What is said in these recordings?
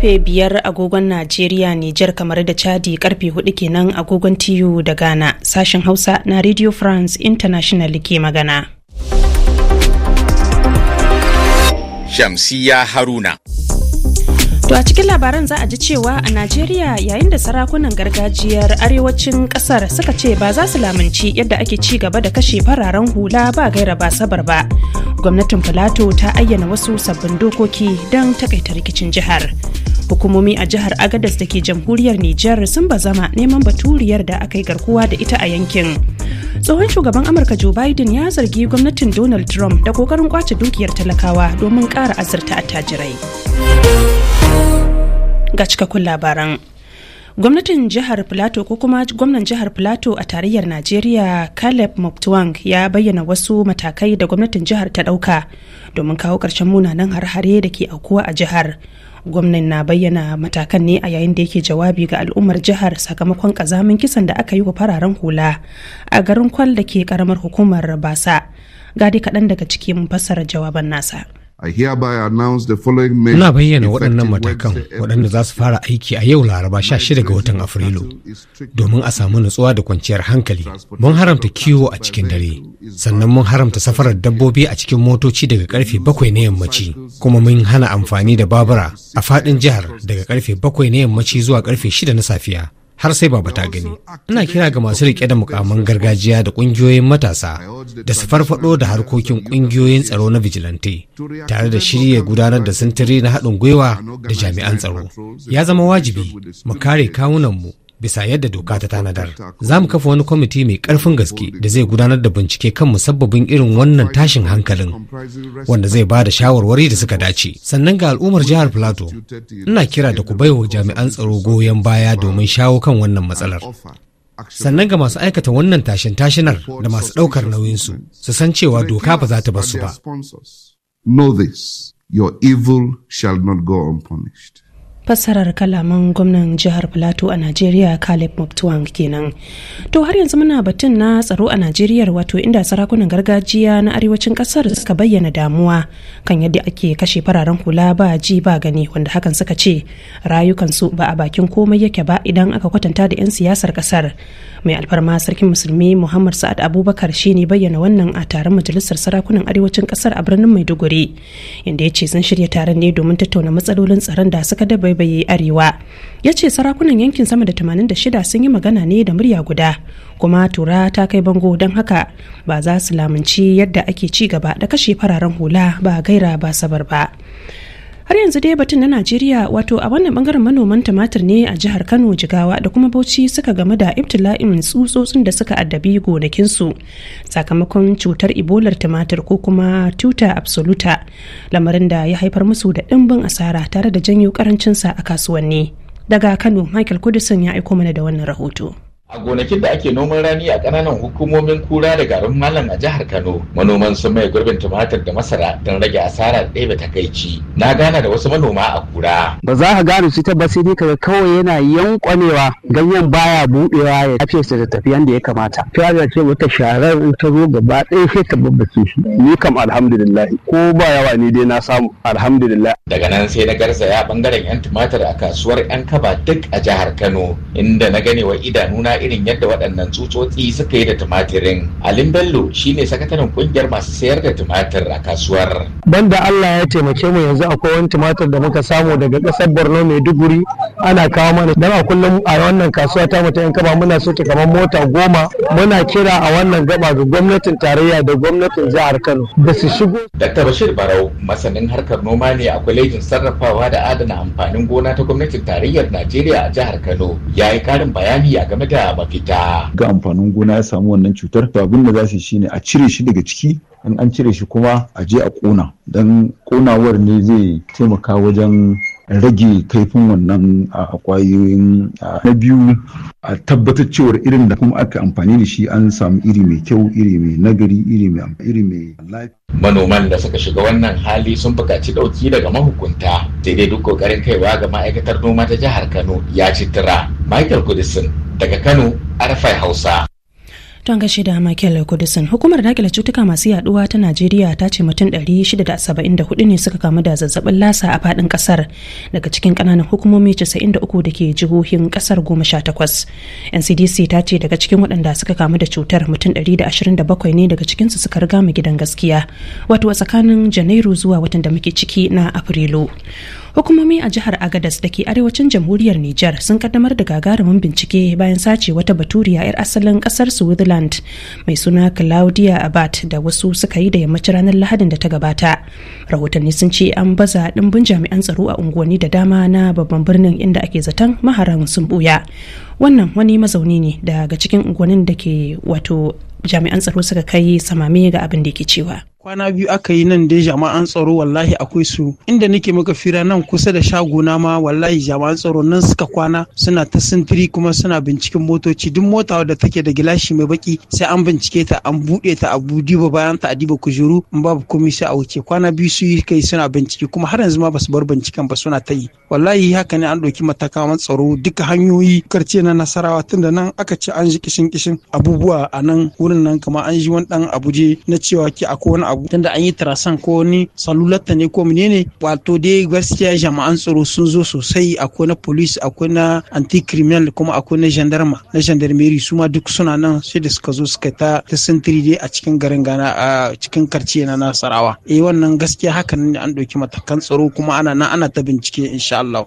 karfe biyar agogon Najeriya Nijar kamar da Chadi karfe hudu kenan agogon TU da Ghana sashen Hausa na Radio France International ke magana. Shamsiya Haruna To a cikin labaran za a ji cewa a Najeriya yayin da sarakunan gargajiyar arewacin kasar suka ce ba za su lamunci yadda ake ci gaba da kashe fararen hula ba gaira ba sabar ba. Gwamnatin Filato ta ayyana wasu sabbin dokoki don takaita rikicin jihar. Hukumomi a jihar Agadas da ke jamhuriyar Nijar sun bazama neman baturiyar da aka yi garkuwa da ita a yankin. tsohon shugaban amurka joe biden ya zargi gwamnatin donald trump da kokarin kwace dukiyar talakawa domin kara azurta tajirai. Ga cikakkun labaran. gwamnatin jihar plateau ko kuma gwamnan jihar plateau a tarayyar najeriya caleb moptuang ya bayyana wasu matakai da gwamnatin jihar ta dauka domin kawo karshen munanan har-hare da ke aukuwa a jihar gwamnan na bayyana matakan ne a yayin da yake jawabi ga al'ummar jihar sakamakon kazamin kisan da aka yi wa fararen hula a garin kwal da ke karamar hukumar basa gadi kaɗan daga cikin fassara jawaban nasa Ina bayyana waɗannan matakan waɗanda za su fara aiki a yau Laraba 16 ga watan Afrilu domin a samu nutsuwa da kwanciyar hankali. Mun haramta kiwo a cikin dare, sannan mun haramta safarar dabbobi a cikin motoci daga karfe bakwai na yammaci, kuma mun hana amfani da babura a faɗin jihar daga karfe bakwai na yammaci zuwa karfe shida na safiya. har sai baba ta gani Ana kira ga masu rike da mukaman gargajiya da ƙungiyoyin matasa da su farfado da harkokin ƙungiyoyin tsaro na vigilante tare da shirya gudanar da sintiri na haɗin gwiwa da jami'an tsaro ya zama wajibi mu kare kawunanmu bisa yadda doka ta tanadar. Za mu kafa wani kwamiti mai ƙarfin gaske da zai gudanar da bincike kan musabbabin irin wannan tashin hankalin wanda zai ba da shawarwari da suka dace. Sannan ga al'ummar jihar Plateau, ina kira da ku baiwa jami'an tsaro goyon baya domin shawo kan wannan matsalar. sannan ga masu aikata wannan tashin tashinar da masu ɗaukar nauyinsu su san cewa doka ba za ta su ba. Know this, your evil shall not go unpunished. fassarar kalaman gwamnan jihar plateau a najeriya caleb moptuang kenan to har yanzu muna batun na tsaro a najeriya wato inda sarakunan gargajiya na arewacin kasar suka bayyana damuwa kan yadda ake kashe fararen hula ba ji ba gani wanda hakan suka ce rayukansu ba a bakin komai yake ba idan aka kwatanta da 'yan siyasar kasar mai alfarma sarkin musulmi muhammad sa'ad abubakar shine bayyana wannan a taron majalisar sarakunan arewacin kasar a birnin maiduguri inda ya ce sun shirya taron ne domin tattauna matsalolin tsaron da suka dabaibaye arewa ya ce sarakunan yankin sama da shida sun yi magana ne da murya guda kuma tura ta kai bango don haka ba za su lamunci yadda ake ci gaba da kashe fararen hula ba gaira ba sabar ba har yanzu dai batun na najeriya wato a wannan bangaren manoman tumatir ne a jihar kano jigawa da kuma bauchi suka game da ibtila'in tsutsotsin da suka addabi gonakinsu sakamakon cutar ibolar tumatir ko kuma tuta absoluta lamarin da ya haifar musu da ɗimbin asara tare da janyo karancinsa a kasuwanni daga kano michael kudison ya aiko mana da wannan rahoto A gonakin da ake noman rani a kananan hukumomin kura da garin malam a jihar Kano, manoman sun mai gurbin tumatir da masara don rage asara da ɗebe takaici. Na gana da wasu manoma a kura. Ba za ka gane su ba sai dai kaga kawai yana yankwanewa ganyen baya buɗewa ya tafi su da tafi yanda ya kamata. Fiyaga ce wata sharar in ta zo gaba ɗaya sai ta babbace shi. Ni kam alhamdulillah ko ba yawa ne dai na samu alhamdulillah. Daga nan sai na garzaya bangaren 'yan tumatir a kasuwar 'yan kaba duk a jihar Kano inda na gane wa idanuna irin yadda waɗannan tsutsotsi suka yi da tumatirin. Alin Bello shine sakataren kungiyar masu sayar da tumatir a kasuwar. Banda Allah ya taimake mu yanzu akwai wani tumatir da muka samu daga ƙasar Borno mai Maiduguri ana kawo mana dama kullum a wannan kasuwa ta mutu yan kaba muna so ta kamar mota goma muna kira a wannan gaba ga gwamnatin tarayya da gwamnatin jihar Kano da su shigo. Dr. Bashir Barau masanin harkar noma ne a kwalejin sarrafawa da adana amfanin gona ta gwamnatin tarayyar Najeriya a jihar Kano ya yi karin bayani a game da da ga amfanin gona ya samu wannan cutar to abin da za su shine a cire shi daga ciki in an cire shi kuma a je a kona don ƙonawar ne zai taimaka wajen rage kaifin wannan a kwayoyin na biyu a tabbatar cewar irin da kuma aka amfani da shi an samu iri mai kyau iri mai nagari iri mai iri mai manoman da suka shiga wannan hali sun buƙaci ɗauki daga mahukunta sai dai duk ƙoƙarin kaiwa ga ma'aikatar noma ta jihar kano ya ci tira michael kudisin daga Kano arfai Hausa. Tun gashi da Michael Kudisin, hukumar dakile cutuka masu yaduwa ta Najeriya ta ce mutum 674 ne suka kamu da zazzabin lasa a fadin kasar daga cikin kananan hukumomi 93 da ke jihohin kasar 18. NCDC ta ce daga cikin waɗanda suka kamu da cutar mutum 127 ne daga cikinsu suka riga mu gidan gaskiya, wato a tsakanin Janairu zuwa watan da muke ciki na Afrilu. hukumomi a jihar agadas da ke arewacin jamhuriyar niger sun kaddamar da gagarumin bincike bayan sace wata baturiya 'yar asalin kasar switzerland mai suna claudia abad da wasu suka yi da yammacin ranar lahadin da ta gabata rahotanni sun ce an baza dimbin jami'an tsaro a unguwanni da dama na babban birnin inda ake zaton maharan sun buya wannan wani mazauni ne daga cikin unguwannin da ke wato jami'an tsaro suka kai samame ga abin da ke cewa kwana biyu aka yi nan dai jama'an tsaro wallahi akwai su inda nake maka fira nan kusa da shagona ma wallahi jama'an tsaro nan suka kwana suna ta sintiri kuma suna binciken motoci duk mota da take da gilashi mai baki sai an bincike ta an buɗe ta a diba bayan ta a diba kujeru in babu komai sai a wuce kwana biyu su yi kai suna bincike kuma har yanzu ma basu bar binciken ba suna ta yi wallahi haka ne an ɗauki matakan tsaro duka hanyoyi karce na nasarawa tunda nan aka ce an ji kishin kishin abubuwa a nan wurin nan kamar an ji wani dan abuje na cewa ki akwai abu da an yi tarasan ko ni salulatta ne ko menene wato dai gaskiya jama'an tsaro sun zo sosai akwai na police akwai na anti criminal kuma akwai na gendarme na gendarmerie su ma duk suna nan sai da suka zo suka ta ta sintiri dai a cikin garin gana a cikin karciye na Nasarawa eh wannan gaskiya hakan ne an ɗauki matakan tsaro kuma ana nan ana ta bincike insha Allah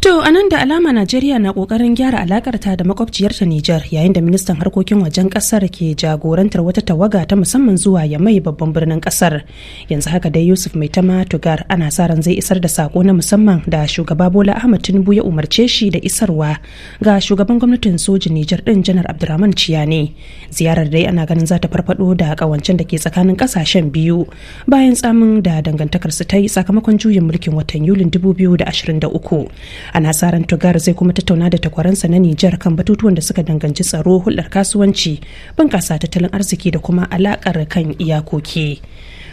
To a nan da alama Najeriya na kokarin gyara alakarta da makwabciyarta Nijar yayin da ministan harkokin wajen kasar ke jagorantar wata tawaga ta musamman zuwa ya mai babban birnin kasar. Yanzu haka dai Yusuf Mai Tama Tugar ana sa ran zai isar da sako na musamman da shugaba Bola Ahmed Tinubu ya umarce shi da isarwa ga shugaban gwamnatin sojin Nijar din Janar Abdurrahman Ciyane. Ziyarar dai ana ganin za ta farfado da kawancen da ke tsakanin kasashen biyu bayan tsamin da dangantakar su ta yi sakamakon juyin mulkin watan Yulin 2023. a nasarar tugar zai kuma tattauna da takwaransa na nijar kan batutuwan da suka danganci tsaro hulɗar kasuwanci bunƙasa tattalin arziki da kuma alaƙar kan iyakoki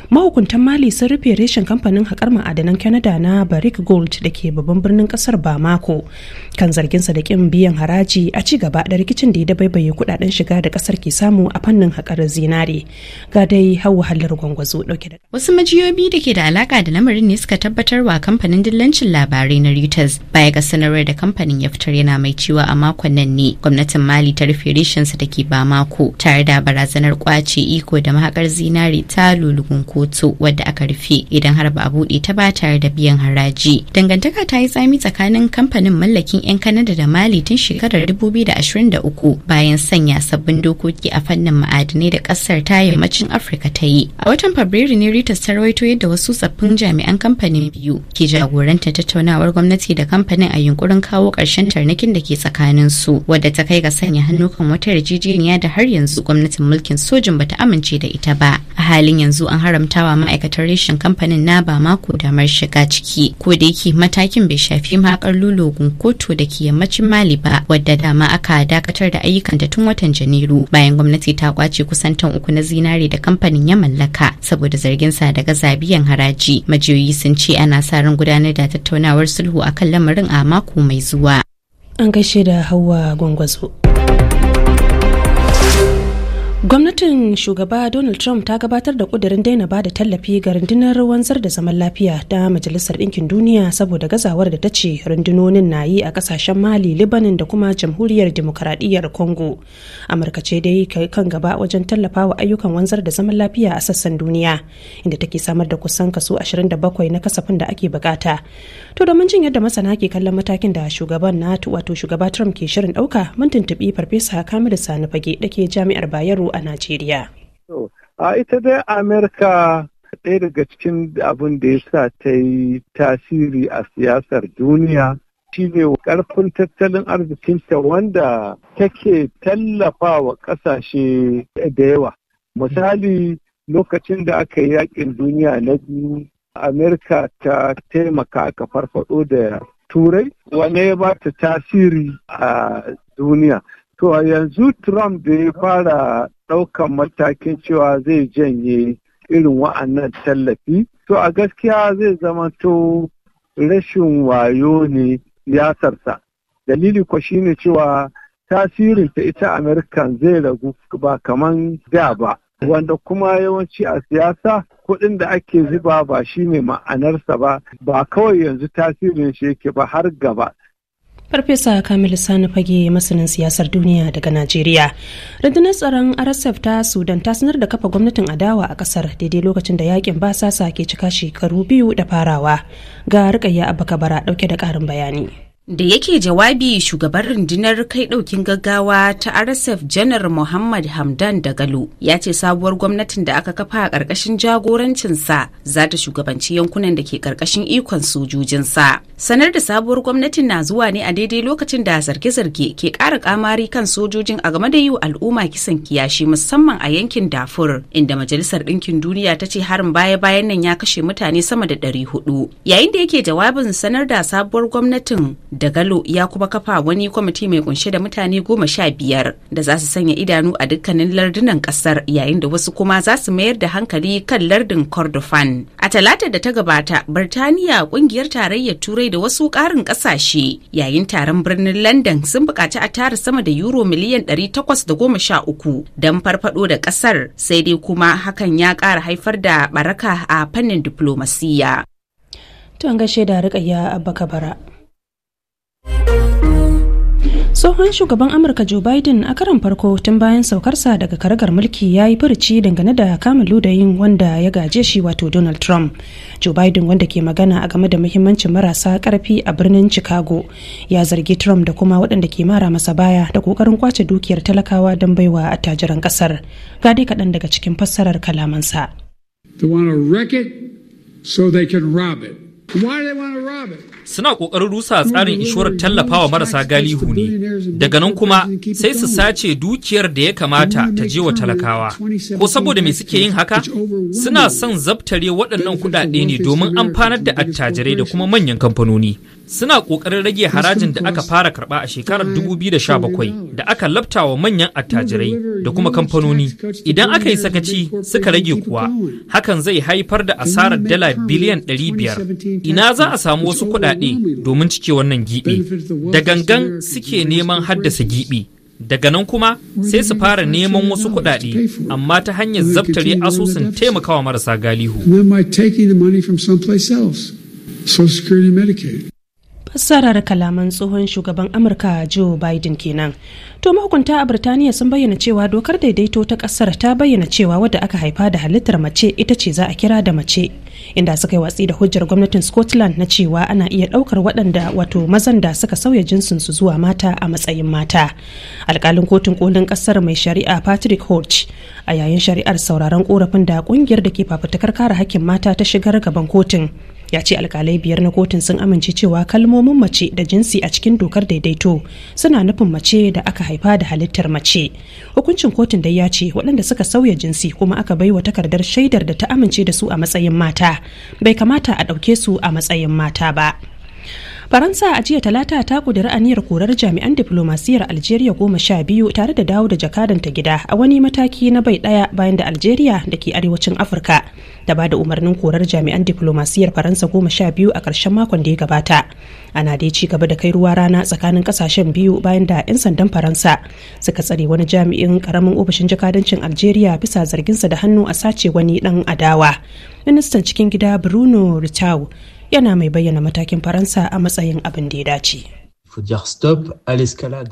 mahukuntan mali sun rufe reshen kamfanin haƙar ma'adanan canada na barrick gold da ke babban birnin ƙasar bamako kan zarginsa da ƙin biyan haraji a ci gaba da rikicin da ya dabaibaye kuɗaɗen shiga da ƙasar ke samu a fannin haƙar zinare ga dai hawa wahalar gwangwazo ɗauke da wasu majiyobi da ke da alaƙa da lamarin ne suka tabbatar wa kamfanin dillancin labarai na reuters baya ga sanarwar da kamfanin ya fitar yana mai cewa a makon nan ne gwamnatin mali ta rufe reshensa da ke bamako tare da barazanar kwace iko da mahaƙar zinare ta lulugunku kotu wadda aka rufe idan har ba a buɗe ta ba tare da biyan haraji dangantaka ta yi tsami tsakanin kamfanin mallakin 'yan kanada da mali tun shekarar 2023 bayan sanya sabbin dokoki a fannin ma'adinai da ƙasar ta yammacin afirka ta yi a watan fabrairu ne reuters ta rawaito yadda wasu tsaffin jami'an kamfanin biyu ke jagoranta tattaunawar gwamnati da kamfanin a yunkurin kawo ƙarshen tarnakin da ke tsakanin su wadda ta kai ga sanya hannu kan wata yarjejeniya da har yanzu gwamnatin mulkin sojin bata amince da ita ba a halin yanzu an haramta haramtawa ma'aikatar reshen kamfanin na ba mako damar shiga ciki ko da yake matakin bai shafi makar lulogun koto da ke yammacin mali ba wadda dama aka dakatar da ayyukan ta tun watan janairu bayan gwamnati ta kwace kusan tan uku na zinare da kamfanin ya mallaka saboda zargin sa daga zabiyan haraji majiyoyi sun ce ana sa ran gudanar da tattaunawar sulhu akan lamarin a mako mai zuwa an gaishe da hawa gwangwazo Gwamnatin shugaba Donald Trump ta gabatar da kudirin daina ba da tallafi ga rundunar wanzar da zaman lafiya ta Majalisar Ɗinkin Duniya saboda gazawar da ta ce rundunonin na yi a kasashen Mali, Libanin da kuma Jamhuriyar Dimokuraɗiyyar Congo. Amurka ce dai kan gaba wajen tallafa wa ayyukan wanzar da zaman lafiya a sassan duniya, inda take samar da kusan kaso 27 na kasafin da ake bukata. To domin jin yadda masana ke kallon matakin da shugaban na wato shugaba Trump ke shirin ɗauka, mun tuntuɓi Farfesa Kamilu Sani Fage da Jami'ar Bayero a Najeriya? A ita dai Amerika ɗaya daga cikin abin da ya sa ta yi tasiri a siyasar duniya shine ƙarfin tattalin arzikinta wanda take tallafa wa ƙasashe da yawa. Misali lokacin da aka yi yaƙin duniya na biyu, Amerika ta taimaka aka farfaɗo da turai wane ya ba ta tasiri a duniya. To yanzu Trump da ya fara ɗaukan matakin cewa zai janye irin wa'annan tallafi to a gaskiya zai zama to rashin wayo ne siyasarsa dalili kwa shine cewa ta ita amerikan zai ragu ba kaman da ba wanda kuma yawanci a siyasa kuɗin da ake zuba ba shi ne ma'anarsa ba ba kawai yanzu tasirin shi yake ba har gaba Farfesa Kamilu Sani fage masanin siyasar duniya daga Najeriya. Rundunar tsaron RSF ta Sudan ta sanar da kafa gwamnatin adawa a kasar daidai lokacin da yakin basasa ke cika shekaru biyu da farawa. Ga rikayya abaka bara dauke da karin bayani. Da yake jawabi shugaban rundunar kai ɗaukin gaggawa ta RSF janar Muhammad Hamdan Dagalo ya ce sabuwar gwamnatin da aka kafa a ƙarƙashin jagorancinsa za ta shugabanci yankunan da ke ƙarƙashin ikon sojojinsa. Sanar da sabuwar gwamnatin na zuwa ne a daidai lokacin da zarge-zarge ke ƙara ƙamari kan sojojin a game da yi wa al'umma kisan kiyashi musamman a yankin Dafur inda Majalisar Ɗinkin Duniya ta ce harin baya-bayan nan ya kashe mutane sama da ɗari hudu. Yayin da yake jawabin sanar da sabuwar gwamnatin da galo ya kuma kafa wani kwamiti mai kunshe da mutane goma sha biyar da za su sanya idanu a dukkanin lardunan kasar yayin da wasu kuma za su mayar da hankali kan lardin kordofan a talata da ta gabata birtaniya kungiyar tarayyar turai da wasu karin kasashe yayin taron birnin london sun bukaci a tara sama da euro miliyan 813 don farfado da kasar sai dai kuma hakan ya ƙara haifar da baraka a fannin diplomasiya. Tun gashe da rika a baka bara. tsohon shugaban amurka joe biden a karan farko tun bayan saukarsa daga karagar mulki ya yi furuci dangane da kamun ludayin wanda ya gaje shi wato donald trump joe biden wanda ke magana a game da muhimmancin marasa karfi a birnin chicago ya zargi trump da kuma waɗanda ke mara masa baya da kokarin kwace dukiyar talakawa don baiwa attajiran ƙasar ga dai kaɗan daga cikin fassarar kalamansa. They want Suna ƙoƙarin rusa tsarin inshorar tallafawa marasa galihu ne, daga nan kuma sai su sace dukiyar da ya kamata ta je wa talakawa. Ko saboda mai suke yin haka? Suna son zabtare waɗannan kuɗaɗe ne domin amfanar da attajirai da kuma manyan kamfanoni. Suna ƙoƙarin rage harajin da aka fara karɓa a shekarar 2017 da aka labta wa manyan attajirai da kuma kamfanoni. Idan aka yi sakaci suka rage kuwa, hakan zai haifar da asarar dala biliyan 500. ina za a samu wasu kuɗaɗe domin cike wannan giɓi da gangan suke neman haddasa giɓi daga nan kuma sai su fara neman wasu kuɗaɗe amma ta hanyar zabtare asusun taimakawa marasa galihu. sarar kalaman tsohon shugaban amurka joe biden kenan to mahukunta a birtaniya sun bayyana cewa dokar daidaito ta kasar ta bayyana cewa wadda aka haifa da halittar mace ita ce za a kira da mace inda suka yi watsi da hujjar gwamnatin scotland na cewa ana iya daukar waɗanda wato mazan da suka sauya jinsin su zuwa mata a matsayin mata alkalin kotun kolin kasar mai shari'a patrick hodge a yayin shari'ar sauraron korafin da ƙungiyar da ke fafutukar kare hakkin mata ta shigar gaban kotun ya ce alkalai biyar na kotun sun amince cewa kalmomin mace da jinsi a cikin dokar daidaito suna nufin mace da aka haifa da halittar mace hukuncin kotun dai ya ce waɗanda suka sauya jinsi kuma aka bai wa takardar shaidar da ta amince da su a matsayin mata bai kamata a ɗauke su a matsayin mata ba faransa a jiya talata ta kudiri aniyar korar jami'an diflomasiyyar algeria goma sha biyu tare da dawo da jakadanta gida a wani mataki na bai daya bayan da algeria da ke arewacin afirka da ba da umarnin korar jami'an diflomasiyyar faransa goma sha biyu a ƙarshen makon da ya gabata ana dai ci gaba da kai ruwa rana tsakanin ƙasashen biyu bayan da 'yan sandan faransa suka tsare wani jami'in ƙaramin ofishin jakadancin algeria bisa zarginsa da hannu a sace wani ɗan adawa ministan cikin gida bruno ritau yana mai bayyana matakin faransa a matsayin abin da ya dace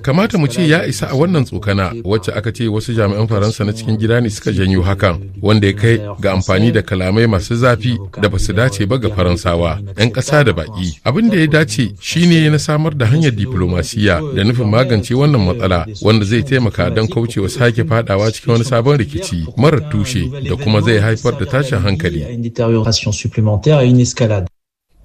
kamata mu ce ya isa a wannan tsokana wacce aka ce wasu jami'an faransa na cikin gida ne suka janyo hakan wanda ya kai ga amfani da kalamai masu zafi da basu dace ba ga faransawa 'yan ƙasa da baƙi abin da ya dace shine na samar da hanyar diplomasiya da nufin magance wannan matsala wanda zai taimaka don kaucewa sake fadawa cikin wani sabon rikici marar tushe da kuma zai haifar da tashin hankali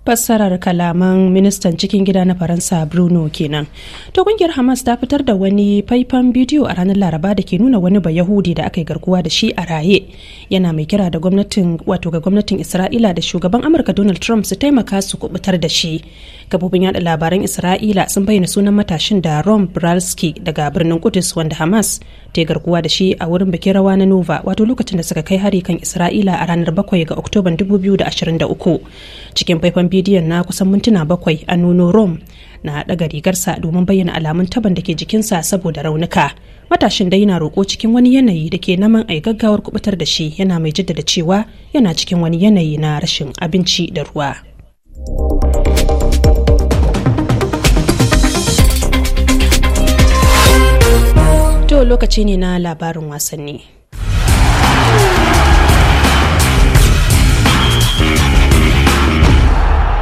fassarar kalaman ministan cikin gida na faransa bruno kenan to kungiyar hamas ta fitar da wani faifan bidiyo a ranar laraba da ke nuna wani bayahudi da aka yi garkuwa da shi a raye yana mai kira da gwamnatin wato ga gwamnatin isra'ila da shugaban amurka donald trump su taimaka su kubutar da shi kafofin yaɗa labaran isra'ila sun bayyana sunan matashin da ron bralski daga birnin kudus wanda hamas ta yi garkuwa da shi a wurin bikin rawa na nova wato lokacin da suka kai hari kan isra'ila a ranar 7 ga oktoban 2023 cikin faifan bidiyon na kusan mintuna bakwai a nuno rome na daga rigarsa domin bayyana alamun taban da ke jikinsa saboda raunuka matashin dai yana roƙo cikin wani yanayi da ke naman a gaggawar kubutar da shi yana mai jaddada cewa yana cikin wani yanayi na rashin abinci da ruwa to lokaci ne na labarin wasanni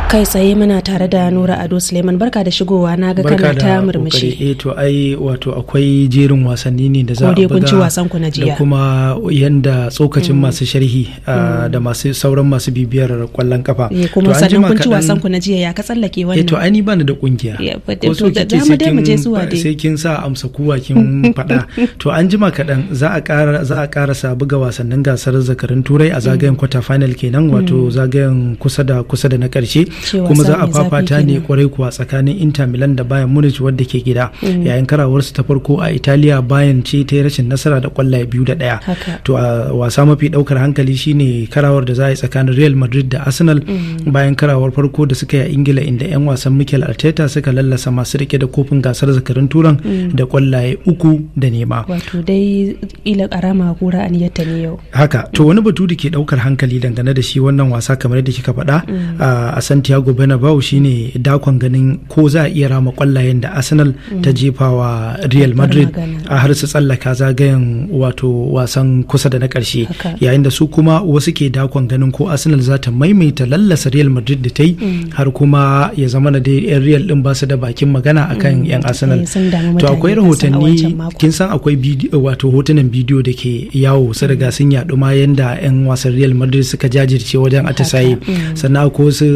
kai tsaye muna tare da nura ado suleiman barka da shigowa na ga kana ta murmushi eh to ai wato akwai jerin wasanni ne da za a buga wasan ku na jiya da kuma yanda tsokacin mm. masu sharhi ah, mm. da masu sauran masu bibiyar kwallon kafa eh, kuma sannan kun ci wasan ku na jiya ya ka tsallake wannan eh to ai ni bani da kungiya ko so kike sai kin sa amsa kuwa kin fada to an jima kadan za a ƙara za a karasa buga wasannin gasar zakarin turai a zagayen mm. quarter final kenan wato zagayen kusa da kusa da na karshe kuma za a fafata ne kwarai kuwa tsakanin inter milan da bayan munich wadda ke gida mm. yayin karawarsu ta farko a italiya bayan ce ta yi rashin nasara da kwallaye biyu da daya to a wasa mafi daukar hankali shine karawar da za a yi tsakanin real madrid da arsenal mm. bayan karawar farko da suka yi a ingila inda yan wasan mikel arteta suka lallasa masu rike da kofin gasar zakarin turan mm. da kwallaye uku da nema wato dai ila karama an yadda ne yau haka to wani batu da ke daukar hankali dangane da shi wannan wasa kamar yadda kika faɗa a santi santiago bernabeu shine dakon ganin ko za a iya rama kwallayen da arsenal ta mm. jefa wa real madrid a har su tsallaka zagayen wato wasan kusa da na karshe yayin da su kuma wasu ke dakon ganin ko arsenal za ta maimaita lallasa real madrid da ta yi mm. har kuma ya zama da dai yan real din ba su da bakin magana akan yan mm. arsenal eh, to akwai rahotanni kin san akwai eh, wato hotunan bidiyo da ke yawo su riga sun yaɗu ma yanda yan wasan real madrid suka jajirce wajen atisaye sannan akwai wasu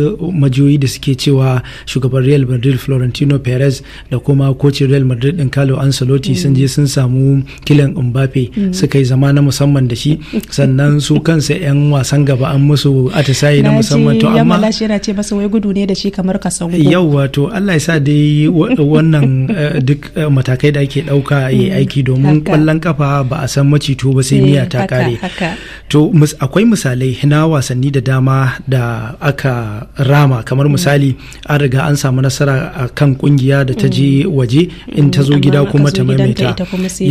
majiyoyi da suke cewa shugaban real madrid florentino perez da kuma kocin real madrid din carlo ancelotti mm. sun je sun samu kilan mbappe mm. suka yi zama na musamman da shi sannan su kansa yan wasan gaba an musu atisaye na musamman to amma lashi yana ce masa wai gudu ne da shi kamar ka sango yau wato Allah ya sa dai wannan eh, duk eh, matakai da ake dauka yayi mm. aiki domin kwallon kafa ba a san macito ba sai miya ta eh, kare to akwai misalai na wasanni da dama da aka rama dama kamar misali an riga an samu nasara a kan kungiya da ta je mm. waje in ta zo gida kuma ta maimaita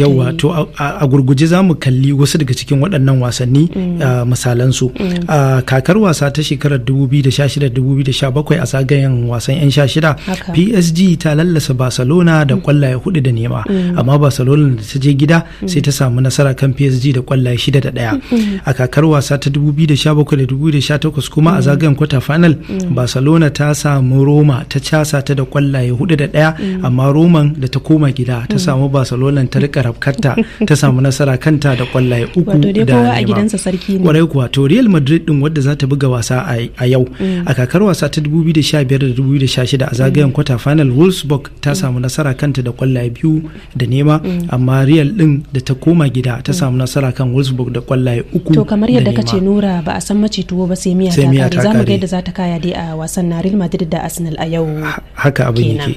yawa to a gurguje za mu kalli wasu daga cikin waɗannan wasanni mm. misalansu mm. kakar wasa ta shekarar 2016-2017 a zagayen wasan 'yan sha shida psg ta lallasa barcelona da kwallaye hudu da nema amma barcelona da ta je gida sai ta samu nasara kan psg da kwallaye shida da daya a kakar wasa ta 2017-2018 kuma a zagayen kwata final barcelona ta samu roma ta casa ta da kwallaye hudu da daya mm. amma roman da ta koma gida ta mm. samu barcelona ta rika rafkarta ta samu nasara kanta da kwallaye uku da nema kwarai kuwa to real madrid din wadda za ta buga wasa a yau mm. a kakar wasa ta 2015 da 2016 a zagayen kwata final wolfsburg ta samu nasara kanta da kwallaye biyu da nema amma real din da ta koma gida ta samu nasara kan wolfsburg da kwallaye uku to kamar yadda kace nura ba a san mace tuwo ba sai miya ta kare za mu ga yadda za ta kaya dai a wasan na Real Madrid da Arsenal a yau. Haka abin yake.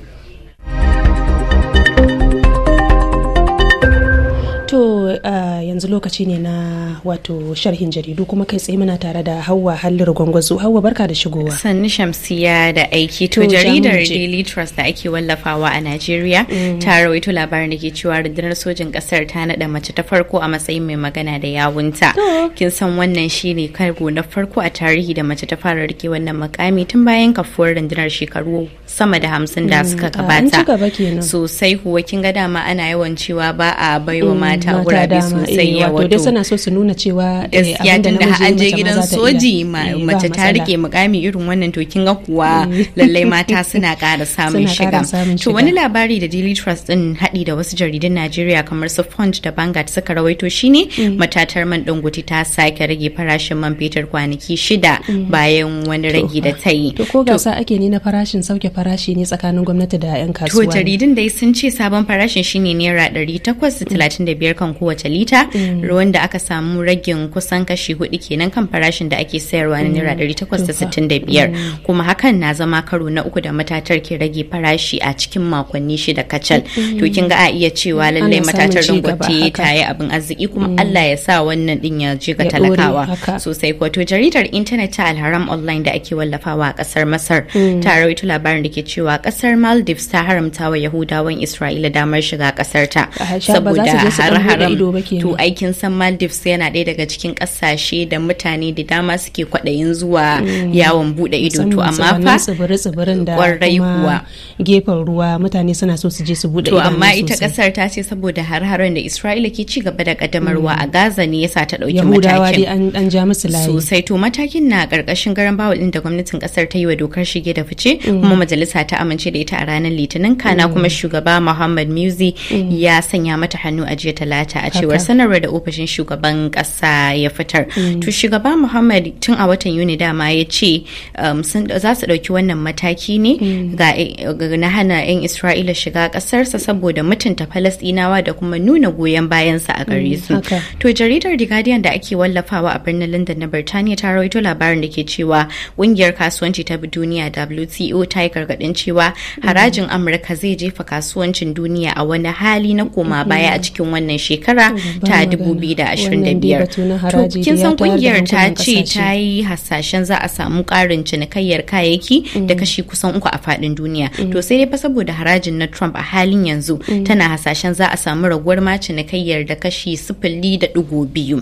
yanzu lokaci ne na wato sharhin jaridu kuma kai tsaye muna tare da Hauwa halli Gwangwazo. Hauwa barka da shigowa. Sanni Shamsiya da aiki to jaridar Daily Trust da ake wallafawa a Najeriya mm-hmm. ta rawaito labarin da ke cewa rundunar sojin kasar ta naɗa mace ta farko a matsayin mai magana da yawunta. Kin san wannan shine kargo na farko a tarihi da mace ta fara rike wannan makami tun bayan kafuwar rundunar shekaru sama da hamsin da mm-hmm. suka ah, gabata. Sosai kuwa kin ga dama ana yawan cewa ba a baiwa mm, mata gurabe sosai. sanya wato dai suna so su nuna cewa eh, gaskiya tun da an je gidan soji eh, mace ta rike mukami irin wannan to kin ga kuwa lallai mata suna kara samun shiga to wani labari da Daily Trust din hadi da wasu jaridun Najeriya kamar su Punch da Vanguard suka rawaito shine mm. matatar man dangote ta sake rage farashin man fetur kwanaki shida mm. bayan wani ragi da ta yi to ko gasa ake ne na farashin sauke farashi ne tsakanin gwamnati da 'yan kasuwa to jaridun dai sun ce sabon farashin shine naira 835 kan kowace lita ruwan da aka samu ragin kusan kashi hudu kenan kan farashin da ake sayarwa na naira mm. ɗari takwas da sittin da biyar mm. kuma hakan na zama karo na uku da matatar ke rage farashi a cikin makonni shida kacal mm. to kin ga a iya cewa lallai matatar dangote ta yi abin arziki kuma Allah ya sa wannan din ya je ga talakawa sosai ko jaridar intanet ta alharam online da ake wallafawa a kasar masar ta rawaito labarin da ke cewa kasar maldives ta haramta wa yahudawan isra'ila damar shiga kasar ta saboda har haram to aikin san Maldives yana ɗaya daga cikin ƙasashe da mutane da dama suke kwaɗayin zuwa mm. yawon buɗe ido to amma fa tsibirin da kuwa gefen ruwa mutane suna so su je su buɗe ido to amma ita ƙasar ta ce saboda har-haren da Isra'ila ke ci gaba da ƙaddamarwa mm. a Gaza ne yasa ta ɗauki matakin an ja musu layi sosai to matakin na ƙarƙashin garan bawul ɗin da gwamnatin ƙasar ta yi wa dokar shige da fice mm. kuma majalisa ta amince da ita a ranar litinin kana kuma shugaba Muhammad Muzi ya sanya mata hannu a jiya talata a cewar sanar sanarwar da ofishin shugaban kasa ya fitar mm. to shugaba muhammad tun a watan yuni dama ya ce um, za su ɗauki wannan mataki ne mm. ga eh, na hana 'yan isra'ila shiga ƙasarsa saboda mutunta falasɗinawa da kuma nuna goyon bayansa a gare mm, su to jaridar the guardian da ake wallafawa a birnin london na birtaniya ta rawaito labarin da ke cewa ƙungiyar kasuwanci ta duniya wto ta yi gargaɗin cewa harajin amurka zai jefa kasuwancin duniya a wani hali na koma baya a mm-hmm. cikin wannan shekara ta ta 2025. To kin san kungiyar ta ce ta yi hasashen za a samu karin cinikayyar kayayyaki da mm. kashi kusan uku a fadin duniya. Mm. To sai dai fa saboda harajin na Trump a halin yanzu mm. tana hasashen za a samu raguwar ma cinikayyar da kashi sifili da digo biyu.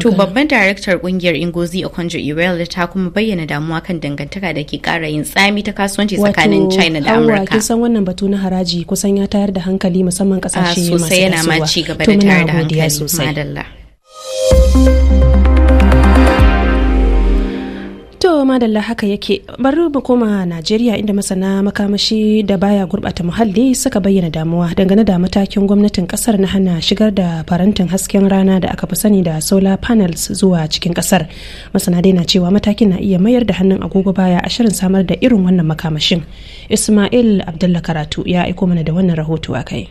To babban daraktar kungiyar Ingozi kwanjo Iweala ta kuma bayyana damuwa kan dangantaka da ke kara yin tsami ta kasuwanci tsakanin China da Amurka. Wato san wannan batu na haraji kusan ya tayar da hankali musamman kasashe ah, masu kasuwa Sosai yana ma ci gaba da tayar da sosai madalla To madalla haka yake bari mu koma Najeriya inda masana makamashi da baya gurbata muhalli suka bayyana damuwa dangane da matakin gwamnatin kasar na hana shigar da farantin hasken rana da aka fi sani da solar panels zuwa cikin kasar. Masana dai na cewa matakin na iya mayar da hannun agogo baya a shirin samar da irin wannan makamashin. Ismail Abdullah Karatu ya aiko mana da wannan rahoto a kai.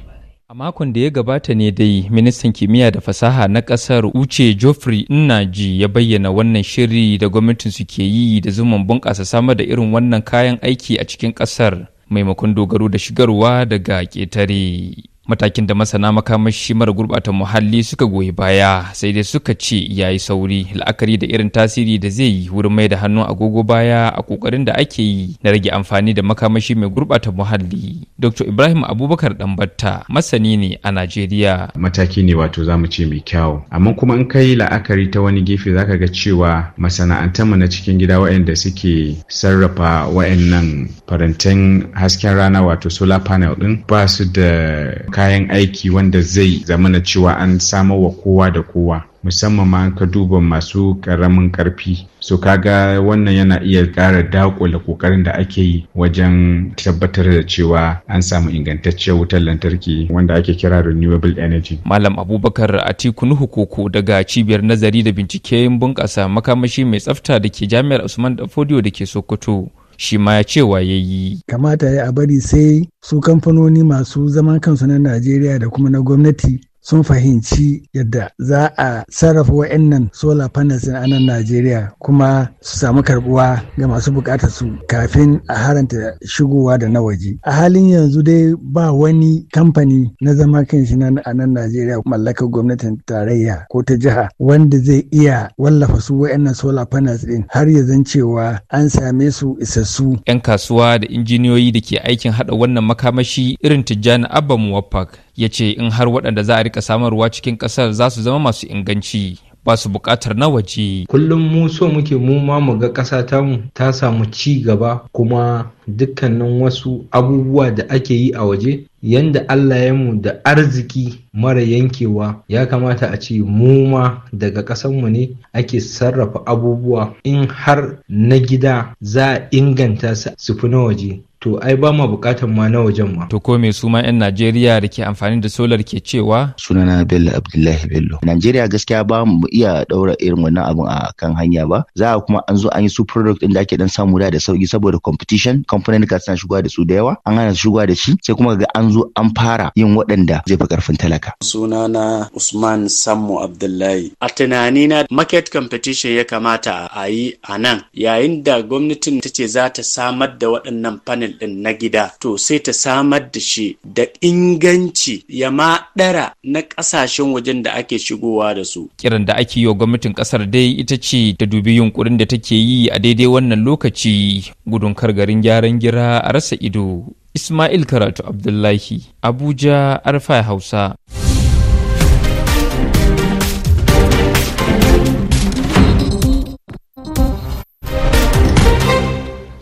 A makon da ya gabata ne dai ministan kimiyya da fasaha na kasar Uche Geoffrey Nnaji ya bayyana wannan shiri da gwamnatin su ke yi da zuman bunƙasa samar da irin wannan kayan aiki a cikin kasar maimakon dogaro da shigarwa daga ƙetare. matakin da masana makamashi mara gurbata muhalli suka goyi baya sai dai suka ce ya yi sauri la'akari da irin tasiri da zai yi wurin mai da hannun agogo baya a kokarin da ake yi na rage amfani da makamashi mai gurbata muhalli dr ibrahim abubakar dambatta masani ne a najeriya mataki ne wato zamu ce mai kyau amma kuma in kai la'akari ta wani gefe zaka ga cewa masana'antarmu na cikin gida waɗanda suke sarrafa waɗannan farantin hasken rana wato solar panel din ba su da kayan aiki wanda zai zamana cewa an samar wa kowa da kowa musamman ma ka duba masu karamin karfi so kaga wannan yana iya ƙara dakula kokarin da ake yi wajen tabbatar da cewa an samu ingantacciyar wutar lantarki wanda ake kira renewable energy malam abubakar atiku nuhu koko daga cibiyar nazari da binciken bunƙasa makamashi mai tsafta da ke jami'ar usman da fodiyo da ke sokoto shi ma cewa ya yi. Kamata ya a bari sai su kamfanoni masu zaman kansu na Najeriya da kuma na gwamnati sun fahimci yadda za a sarrafa wa'annan solar panels a nan Najeriya kuma su samu karbuwa ga masu bukatar su kafin a haranta shigowa da na waje. A halin yanzu dai ba wani kamfani na zama kanshi a nan Najeriya mallakar gwamnatin tarayya ko ta jiha wanda zai iya wallafa su wa'annan solar panels din har ya zan cewa an same su isassu. 'Yan kasuwa da injiniyoyi da ke aikin haɗa wannan makamashi irin Tijjani Abba Muwaffaq ya ce in har waɗanda za a rika samarwa cikin ƙasar za su zama masu inganci ba su buƙatar na waje. Kullum mu so muke mu ma mu ga ƙasa mu ta samu ci gaba kuma dukkanin wasu abubuwa da ake yi a waje yanda Allah ya mu da arziki mara yankewa ya kamata a ce mu ma daga mu ne ake sarrafa abubuwa in har na gida za a inganta su fi na waje to ai ba ma bukatan ma na wajen ma. To ko me su ma 'yan Najeriya da ke amfani da solar ke cewa? Sunana Bello Abdullahi Bello. Najeriya gaskiya ba mu iya daura irin wannan abun a kan hanya ba. Za a kuma an zo an yi su product din da ake dan samu da sauki saboda competition kamfanin ka suna shigowa da su da yawa an hana shigowa da shi sai kuma ga an zo an fara yin waɗanda zai fi karfin talaka. Sunana Usman Sammu Abdullahi. A tunanina market competition ya kamata a yi a nan yayin da gwamnatin ta ce za ta samar da waɗannan panel production ɗin na gida to sai ta samar da shi da inganci ya ma ɗara na ƙasashen wajen da ake shigowa da su. Kiran da ake yi wa gwamnatin ƙasar dai ita ce ta dubi yunkurin da take yi a daidai wannan lokaci gudun kar garin gyaran gira a rasa ido. Ismail Karatu Abdullahi, Abuja, Arfa Hausa.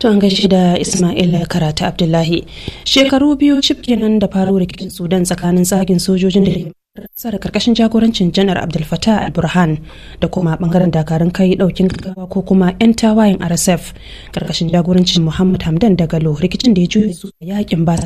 To an gaishe da Ismail Karata Abdullahi. Shekaru biyu cif kenan da faru rikicin Sudan tsakanin tsagin sojojin da Sara karkashin jagorancin janar Abdul Fattah al-Burhan da kuma bangaren dakarun kai daukin gaggawa ko kuma 'yan tawayen RSF karkashin jagorancin Muhammad Hamdan Dagalo rikicin da ya juya su yakin ba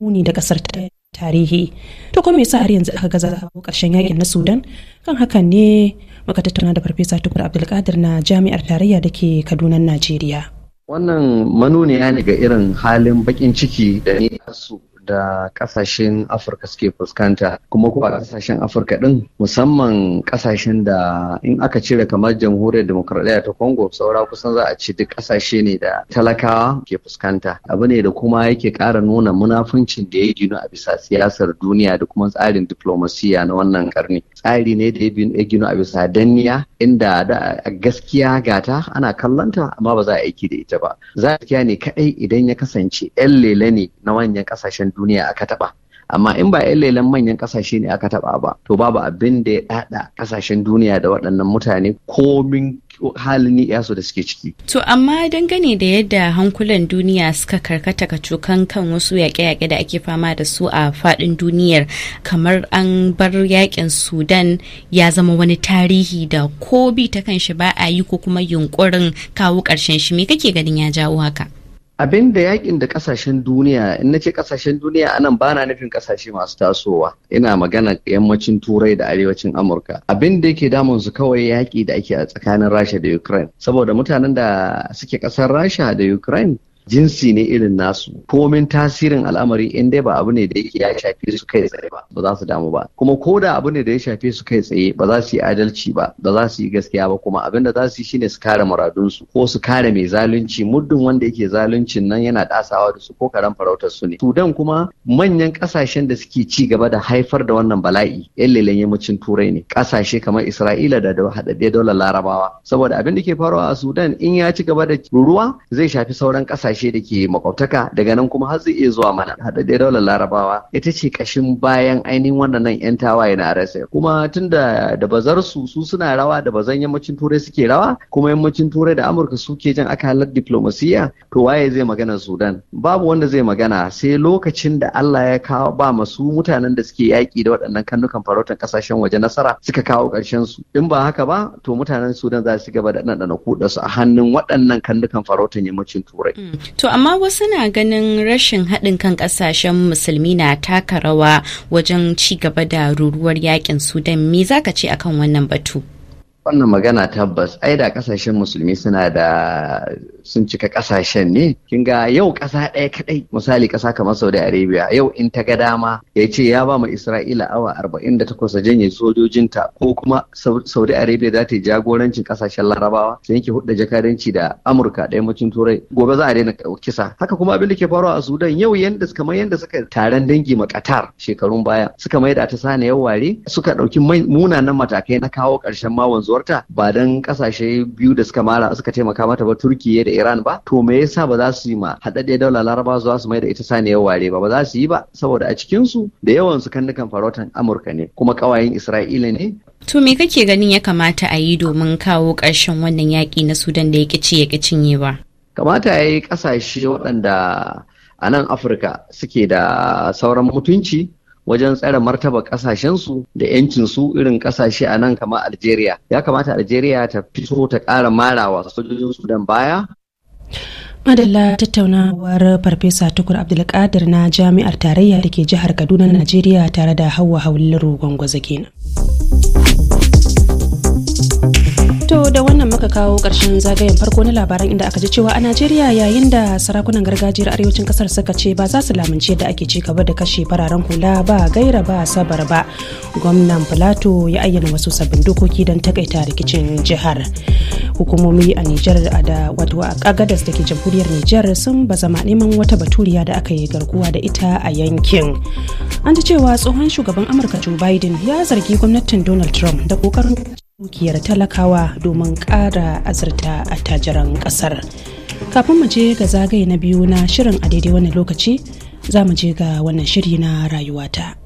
muni da kasar ta tarihi. To kuma yasa har yanzu aka gaza kawo karshen yakin na Sudan kan haka ne muka tattauna da Farfesa Tukur Abdulkadir na Jami'ar Tarayya da ke Kaduna Najeriya. wannan manuniya ne ga irin halin bakin ciki da ni su da kasashen afirka suke fuskanta kuma kuwa kasashen afirka din musamman kasashen da in aka cire kamar jamhuriyar demokradiyya ta congo saura kusan za a ci duk kasashe ne da talakawa ke fuskanta abu ne da kuma yake kara nuna munafuncin da ya ginu a bisa siyasar duniya da kuma tsarin diplomasiya na wannan karni tsari ne da ya ginu a bisa danniya inda da gaskiya gata ana kallonta amma ba za a aiki da ita ba za a ne kaɗai idan ya kasance 'yan lele ne na manyan kasashen duniya aka taba amma in ba yan manyan kasashe ne aka taba ba to babu abin da ya dada kasashen duniya da waɗannan mutane komin halin yaso da suke ciki. To amma dangane da yadda hankulan duniya suka karkata cokan kan wasu yaƙe-yaƙe da ake fama da su a faɗin duniyar kamar an bar yaƙin Sudan ya zama wani tarihi da ko bi ta kan shi ba a yi ko kuma yunƙurin kawo ƙarshen shi me kake ganin ya jawo haka? abin da yakin da kasashen duniya in na ce kasashen duniya anan ba na nufin kasashe masu tasowa ina magana yammacin turai da arewacin amurka abin da yake damun su kawai yaki da ake a tsakanin rasha da ukraine saboda mutanen da suke kasar rasha da ukraine jinsi ne irin nasu komin tasirin al'amari in dai ba abu ne da yake ya shafe su kai tsaye ba ba za su damu ba kuma ko da abu ne da ya shafe su kai tsaye ba za su yi adalci ba ba za su yi gaskiya ba kuma abin da za su yi shine su kare muradunsu ko su kare mai zalunci muddin wanda yake zaluncin nan yana dasawa da su ko karan farautar su ne sudan kuma manyan kasashen da suke ci gaba da haifar da wannan bala'i yan lelen yammacin turai ne kasashe kamar isra'ila da haɗaɗɗiyar daular larabawa saboda abin da ke faruwa a sudan in ya ci gaba da ruwa, zai shafi sauran kasashe kasashe da ke makwabtaka daga nan kuma har zai iya zuwa mana haɗaɗɗiyar daular larabawa ita ce kashin bayan ainihin waɗannan 'yan tawaye na rasa kuma tun da bazar su su suna rawa da bazan yammacin turai suke rawa kuma yammacin turai da amurka suke jan aka halar diplomasiya to waye zai magana sudan babu wanda zai magana sai lokacin da allah ya kawo ba masu mutanen da suke yaƙi da waɗannan kannukan farautan ƙasashen waje nasara suka kawo ƙarshen su in ba haka ba to mutanen sudan za su gaba da ɗanɗana kuɗa su a hannun waɗannan kannukan farautan yammacin turai mm. To amma wasu na ganin rashin haɗin kan ƙasashen musulmi na taka rawa wajen ci gaba da ruruwar yakin Sudan me za ka ce akan wannan batu? Wannan magana tabbas ai da ƙasashen musulmi suna da sun cika kasashen ne kin ga yau kasa ɗaya kaɗai, misali kasa kamar Saudi Arabia yau in ta ga dama ya ce ya ba mu Isra'ila awa 48 a janye sojojinta ko kuma Saudi Arabia za ta yi jagorancin kasashen Larabawa sai yanke hudda jakadanci da Amurka da yammacin Turai gobe za a daina kisa haka kuma abin da ke faruwa a Sudan yau yanda kamar yanda suka taron dangi ma Qatar shekarun baya suka maida ta sani yau ware suka dauki munanan matakai na kawo karshen ma wanzuwarta ba dan kasashe biyu da suka mara suka taimaka mata ba turkiye da Iran ba to me yasa ba za su yi ma haɗaɗɗiyar daular Laraba za su mai da ita saniyar ware ba ba za su yi ba saboda a cikin su da yawan su kannukan farautan Amurka ne kuma ƙawayen Isra'ila ne To me kake ganin ya kamata a yi domin kawo ƙarshen wannan yaƙi na Sudan da ya ci ya ƙi cinyewa? Kamata a yi ƙasashe waɗanda a nan Afirka suke da sauran mutunci wajen tsare martaba kasashensu da 'yancinsu irin kasashe a nan kama Algeria. Ya kamata Algeria ta fito ta ƙara marawa sojojin Sudan baya madalla tattaunawar farfesa tukur abdulkadir na jami'ar tarayya da ke jihar kaduna najeriya tare da hawa haularu gwangwaza kenan to da wannan muka kawo karshen zagayen farko na labaran inda aka ji cewa a najeriya yayin da sarakunan gargajiyar arewacin kasar suka ce ba za su lamunce da ake ci gaba da kashe fararen hula ba gaira ba sabar ba gwamnan plato ya ayyana wasu sabbin dokoki don takaita rikicin jihar hukumomi a Nijar da wato a kagadas da ke jamhuriyar Nijar sun bazama neman wata baturiya da aka yi garkuwa da ita a yankin. An ji cewa tsohon shugaban Amurka Joe Biden ya zargi gwamnatin Donald Trump da kokarin dukiyar talakawa domin ƙara azurta a tajiran ƙasar. Kafin mu je ga zagaye na biyu na shirin a daidai wannan lokaci, za mu je ga wannan shiri na rayuwata.